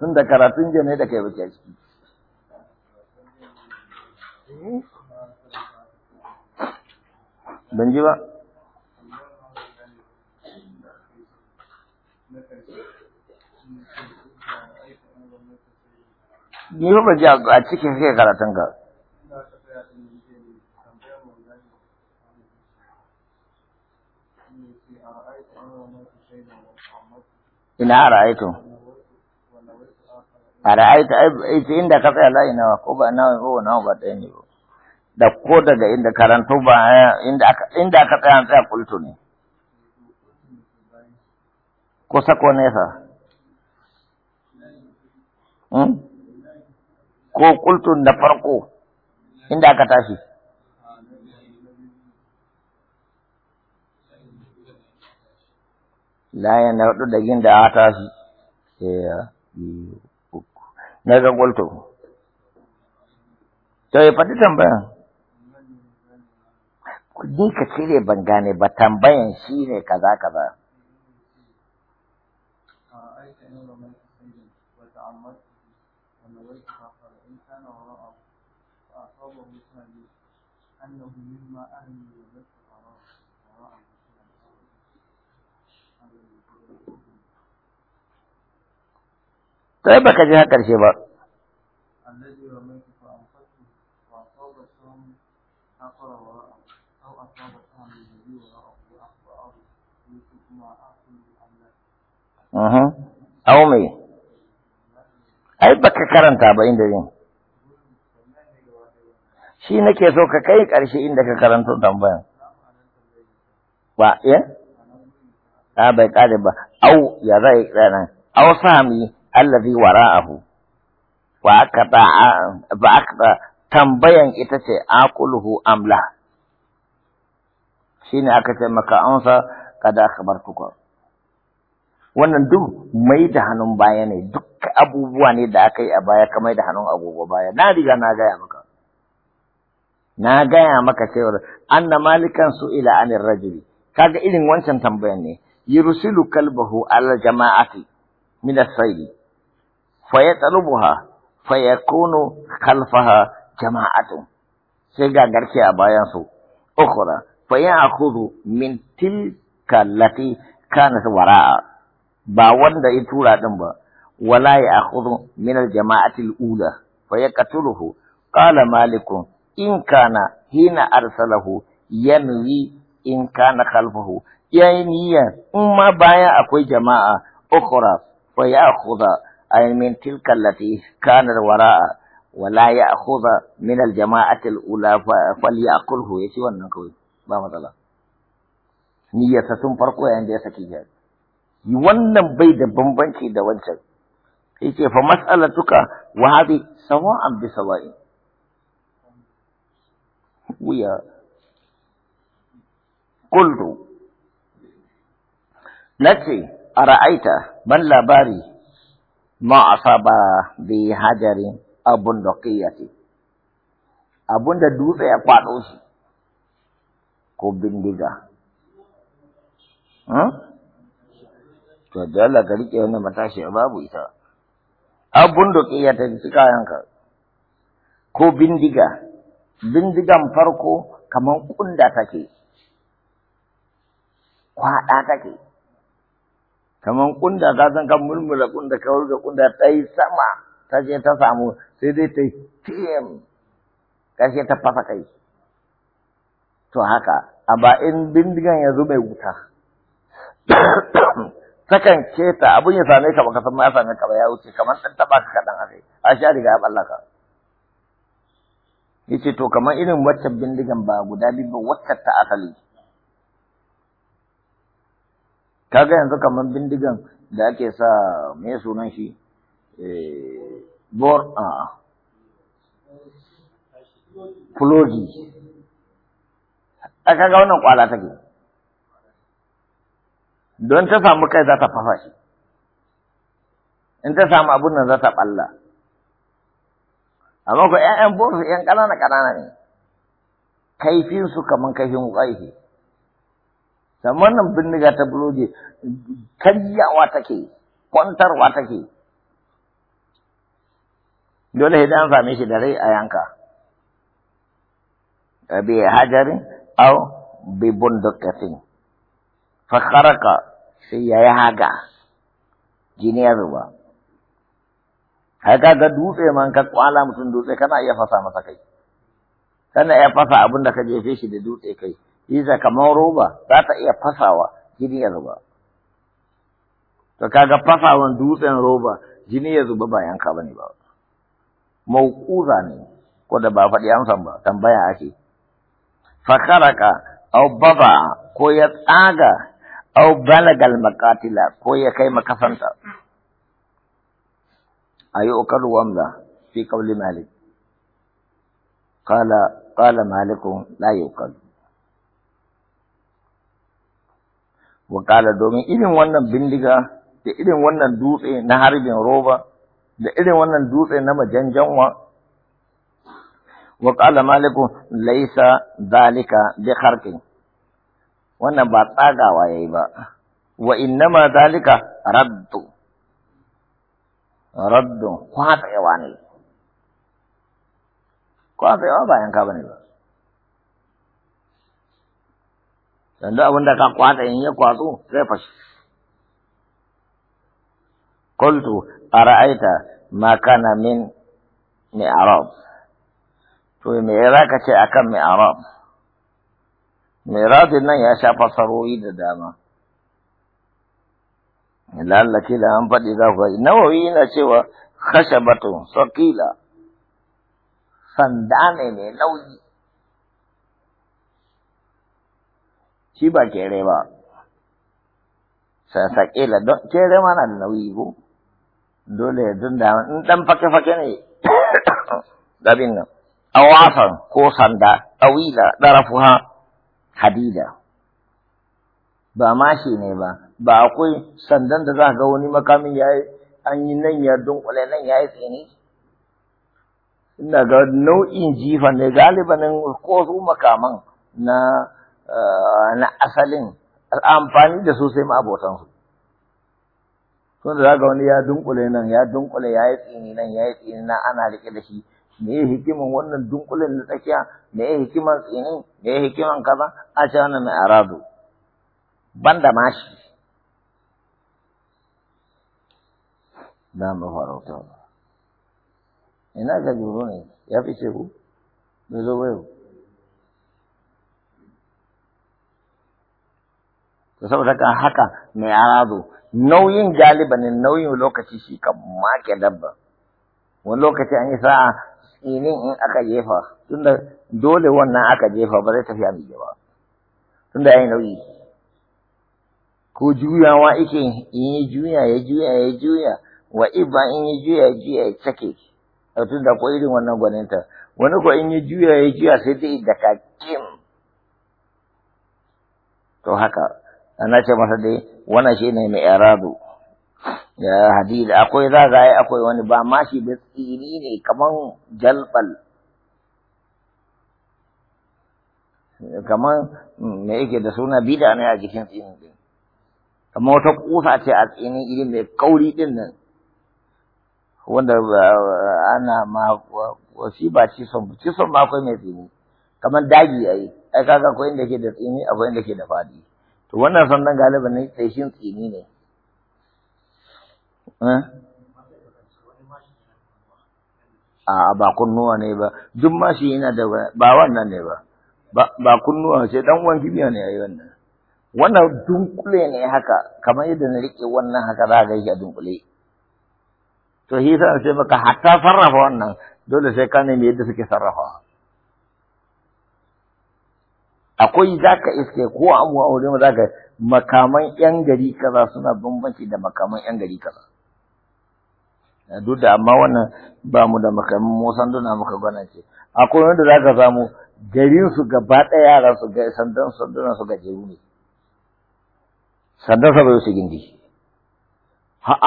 tun da karatun jiya ne da kai baki a ciki ban ji ba ni ba ji a cikin kai karatun ka ina ra'aytu a ra'aita ita inda ka tsaya layi nawa ko ba nawa ko nawa ba ɗaya ne ba da ko daga inda karanto ba eh. inda aka inda aka tsaya tsaya kultu ne kusa ko nesa hmm? ko kultun da farko inda aka tashi layan na hudu da inda a tashi ɗaya na ga gwalto to ya faɗi tambaya. Kudi ka cire ban gane ba tambayan shi ne kaza kaza أنه مما أهل sai baka ji har karshe ba Au me, ai baka karanta ba inda yin. Shi nake so ka kai ƙarshe inda ka karanta tambayan. Ba, ya? Eh? Ah, Ta bai ƙare ba, au ya za yi ƙanan, au sami allazi wara'ahu wa aka ba aka tambayan ita ce aquluhu amla shine aka ce maka ansa kada akhbartuka wannan duk mai da hannun baya ne duk abubuwa ne da aka yi a baya ka mai da hannun agogo baya na riga na gaya maka na gaya maka cewar anna malikan su ila anir rajuli kaga irin wancan tambayan ne yursilu kalbahu ala jama'ati min as sayyid فيطلبها فيكون خلفها جماعة سيجا غركي أبايان سو أخرى فيأخذ من تلك التي كانت وراء دا إتورا دنبا ولا يأخذ من الجماعة الأولى فيقتله قال مالك إن كان هنا أرسله ينوي إن كان خلفه يعني إما بايا أكوي جماعة أخرى فيأخذ أي من تلك التي كانت وراء ولا يأخذ من الجماعة الأولى فليأكله يشي ونكوي ما مثلا نية تنفرقوا عند يسكيها wannan bai da bambanci da wancan yace fa mas'alatuka wa hadi sawa'an bi sawa'in wuya qultu nace ara'aita ban labari ma asaba bi hajarin abun daqiyati abun da dutse ya kwado shi ko bindiga to da Allah ka rike wannan matashi babu ita abun daqiyati cikayanka ko bindiga bindigan farko kamar kunda take kwaɗa take kaman kunda ka san kan murmura kunda ka wurga kunda ta yi sama ta je ta samu sai dai ta yi tiyam ƙarshe ta fasa kai to haka ba in bindigan ya zo mai wuta takan keta abin ya same ka baka san ma ya same ka ya wuce kamar ɗan taɓa ka a kai a sha riga ya ɓalla ka yace to kamar irin waccan bindigan ba guda biyu ba wacce ta asali kaga yanzu kamar bindigan da ake sa mai sunan shi eh, bor a fulogi a kaga wannan kwala take don ta samu kai za ta fafa shi in ta samu abun nan za ta balla amma ko 'ya'yan bor ƴan ƙanana ƙanana ne kaifin su kaman kaifin wuƙaihi sannan wannan bindiga ta buloge karyawa take kwantarwa take dole idan an same shi da rai a yanka bi hajarin aw bi bundukatin fa kharaka sai ya haga jini ya zuba haka ga dutse man ka kwala mutum dutse kana iya fasa masa kai kana iya fasa abin da ka jefe shi da dutse kai iza kamar roba za ta iya fasawa jini ya zuba to kaga fasawan dutsen roba jini ya zuba ba yanka bane ba mauquza ne ko da ba faɗi san ba tambaya ake fakaraka au baba ko ya tsaga au balagal makatila ko ya kai makasanta ayi ukar wamla fi qawli malik qala qala malikun la yuqalu wakala domin irin wannan bindiga da irin wannan dutse na harbin roba da irin wannan dutse na majanjanwa wakala maliku laisa zalika bi harkin wannan ba tsagawa yayi ba wa innama zalika raddu raddu kwatsewa ne kwatsewa bayan ka bane ba yanzu abin da ka kwata in ya kwatsu zai fashe. qultu ara'aita ma kana min arab. to me ya ka ce akan Mai mi'rab nan ya sha fasarori da dama lallaki da an faɗi za ku nawawi yana cewa batun sokila sanda ne mai nauyi shi ba kere ba la don kere mana da nauyi ko dole ya dunda in dan fake-fake ne dabin nan awasan ko sanda ɗawila ha hadida ba mashi ne ba ba akwai sandan da za ga wani makamin ya an yi nan ya dunkule nan ya yi tsini ina ga nau'in jifa ne galibanin ko su makaman na Eh, na asalin amfani da su sai ma'abotansu. Sun da zaga wani ya dunkule nan, ya dunkule ya yi tsini nan, ya yi tsini nan ana riƙe da shi. Me ya hikiman wannan dunkulen na tsakiya, me ya hikiman tsini? me ya hikiman kaza, a ce wannan mai arado. Ban da mashi. Da mu farauta. Ina ga juro ne, ya ce ku, bai zo bai ku. saboda kan haka mai arazo. nauyin galibani nauyin lokaci shi kan make dabba wani lokaci an yi sa'a tsinin in aka jefa tunda dole wannan aka jefa ba zai tafiya mai gaba tunda yayi nauyi ko juyawa ike in yi juya ya juya ya juya wa iba in yi juya ya juya ya a tunda ko irin wannan gwaninta wani ko in yi juya ya juya sai dai da kakin to haka Ana ce masa dai wannan shi ne mai iradu ya hadida akwai zagaye akwai wani ba mashi da tsini ne kaman jalbal kaman mm, me yake da suna bida ne a jikin tsini din kamar wata kusa ce a tsinin irin mai kauri din nan wanda eh, ana ma wasi ba cison son ma akwai mai tsini kamar daji ai ai kaga akwai inda ke da tsini akwai inda ke da fadi to wannan sandan galiban ne ɗaishin tsini ne eh? a ba kunnuwa ne ba duk ma shi yana da ba wannan ne ba ba kunnuwa ce dan uwan kibiya ne yayi wannan wannan dunkule ne haka kamar yadda na rike wannan haka za ga shi a dunkule to shi yasa sai baka hatta sarrafa wannan dole sai ka me yadda suke sarrafa akwai za ka iske ko a mu ma za ka makaman yan gari kaza suna bambanci da makaman yan gari kaza duk da amma wannan ba mu da makaman mu duna muka gwana ce akwai wanda za ka samu garin su gaba ɗaya yaran su ga sandan sandan su gajeru ne sandan sa su gindi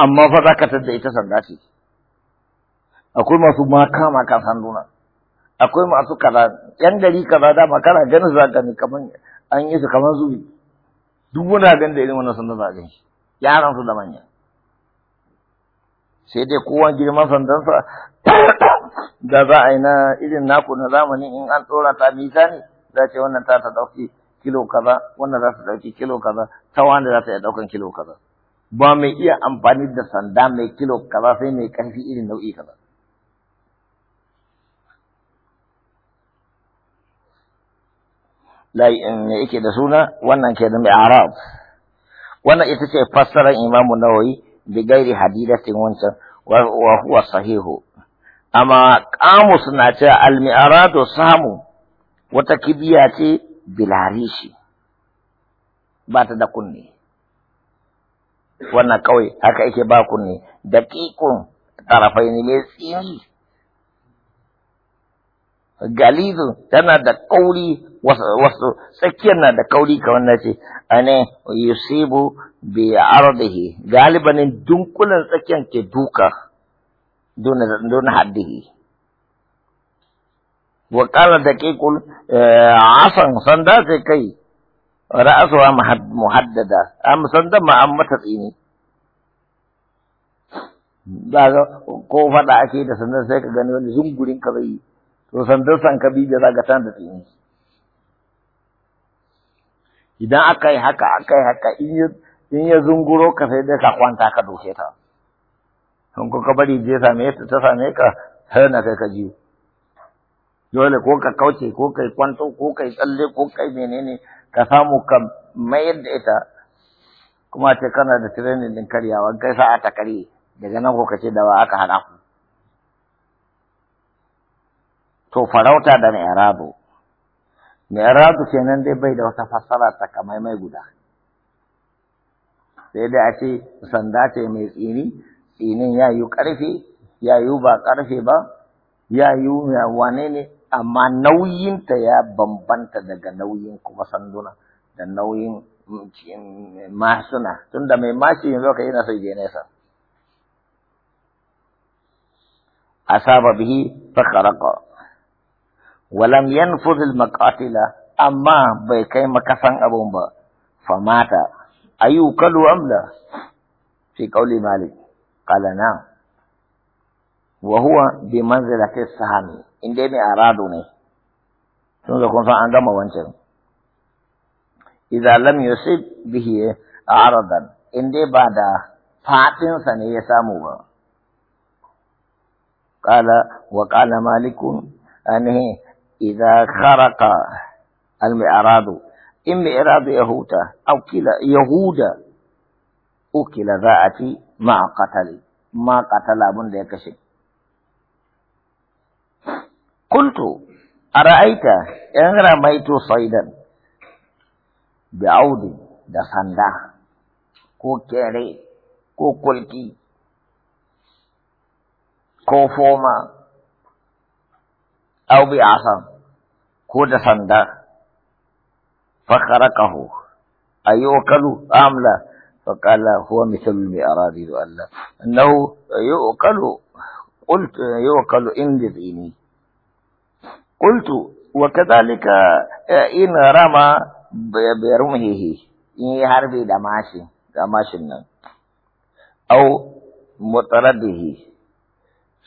amma fa za ka tadda ita sanda ce akwai masu makama kan sanduna akwai masu kaza yan gari kaza dama kana ganin za ka ne kaman an yi su kaman zubi duk muna ganin da irin wannan sanda za ka yaran su da manya sai dai kowa girman sa da za a yi na irin naku na zamani in an tsora ta nisa ne za ce wannan ta ta dauki kilo kaza wannan za ta dauki kilo kaza ta wanda za ta iya daukan kilo kaza ba mai iya amfani da sanda mai kilo kaza sai mai karfi irin nau'i kaza Eh, me yake da suna wannan ke da mai arab wannan ita ce fassarar imamu nawawi bi gairi hadidatin wancan wa huwa sahihu amma qamus na ce al miaradu samu wata kibiya ce bilarishi ba ta da kunne wannan kawai haka yake ba kunne Da ƙiƙun tarafai ne mai tsini tana da kauri wasu tsakiyar na da kauri kamar na ce ane yusibu bi ardihi galiban dunkulan tsakiyar ke duka dun haddihi wa qala kul eh, asan sanda sai kai ra'asuha muhaddada am sanda ma an mata tsini daga ko fada ake da sandan sai ka gani wani zungurin ka zai to sandan san ka bi da zaga tan da tsini idan aka yi haka aka yi haka in ya zunguro ka sai dai ka kwanta ka doke ta ko ka bari je same ta ta same ka har na kai ka ji dole ko ka kauce ko kai kwanto ko kai tsalle ko kai menene ka samu ka mayar da ita kuma ce kana da training din karyawa kai sa'a ta karye daga nan ko kace da ba aka hada ku to farauta da mai arabo Mi'raju kenan dai bai da wata fassara ta mai guda. Sai dai a ce sanda ce mai tsini, tsinin ya yi ƙarfe, ya yi ba ƙarfe ba, ya yi wane ne, amma nauyinta ya bambanta daga nauyin kuma sanduna da nauyin masuna, tun da mai mashi yanzu ka yana sai genesa a أصاب به فخرق ولم ينفذ المقاتل أما بكي مكسن أبوهم با فمات أيوكل أم لا في قول مالك قال نعم وهو بمنزلة السهامي إن ديني أرادوني سنة كنت أنقم وانشر إذا لم يصيب به أعرضا إن دي بعد فاتن سنة يساموها قال وقال مالك أنه إذا خرق المعراض إن معراض يهودا أو كلا يهودا كلا ذاتي ما قتل ما قتل أبن ذلك شيء قلت أرأيت إن رميت صيدا بعود دسندا sanda ko kere ko kulki ko foma au bi asan ko da sanda fakarakahu ayyukalu amla فقال هو مثل الأراضي الله أنه يؤكل قلت يؤكل إن قلت وكذلك إن رمى برمحه إن يهربي دماشي دماشي أو مطرده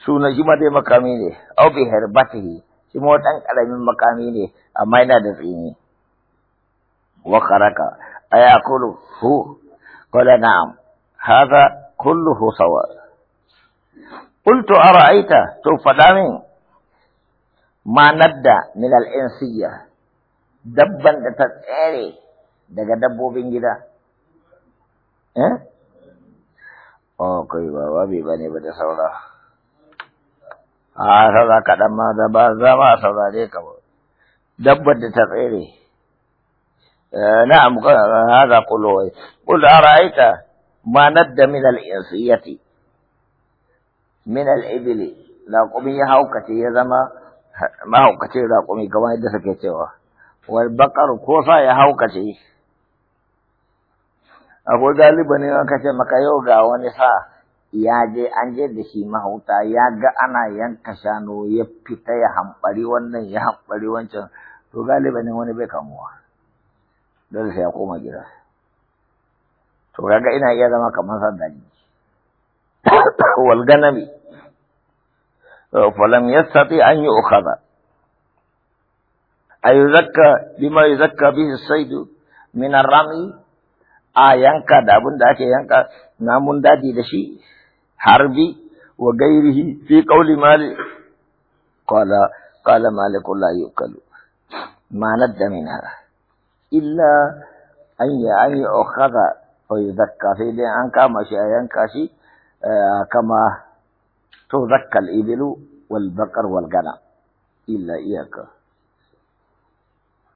سنجمد مكامينه أو بهربته kuma ɗan ah, ini makam ini, amain ada da tsini wa karaka aya kulu hu qala na'am hadha kulluhu sawa qultu ara'aita tu fada ma nadda min al-insiyya dabban da ta tsere daga dabbobin gida eh oh kau ibu bapa bapa ni a saura kaɗan ma da ba za ma a saurare ka ba dabbar da ta tsere eh, na'am hada qulu qul ara'aita ma nadda min al-insiyati min al-ibli raqumi ya haukace ya zama mahaukace raqumi kamar yadda suke cewa wal baqar ko sa ya haukace akwai galiba ne aka ce maka yau ga wani sa ya je an je da shi mahauta ya ga ana yanka shanu ya fita ya hambari wannan ya hambari wancan to galiba ne wani bai kamuwa dole sai ya koma gida to kaga ina iya zama kamar sardani wal ganami falam yastati an yu'khadha zakka bima yuzakka bihi saidu min ar-rami a yanka da abin da ake yanka namun daji da shi حربي وغيره في قول مالك قال قال مالك لا يؤكل ما ند منها إلا أن يؤخذ ويذكى في دي أن كما شيئا كاشي آه، كما تذكى الإبل والبقر والغنم إلا إياك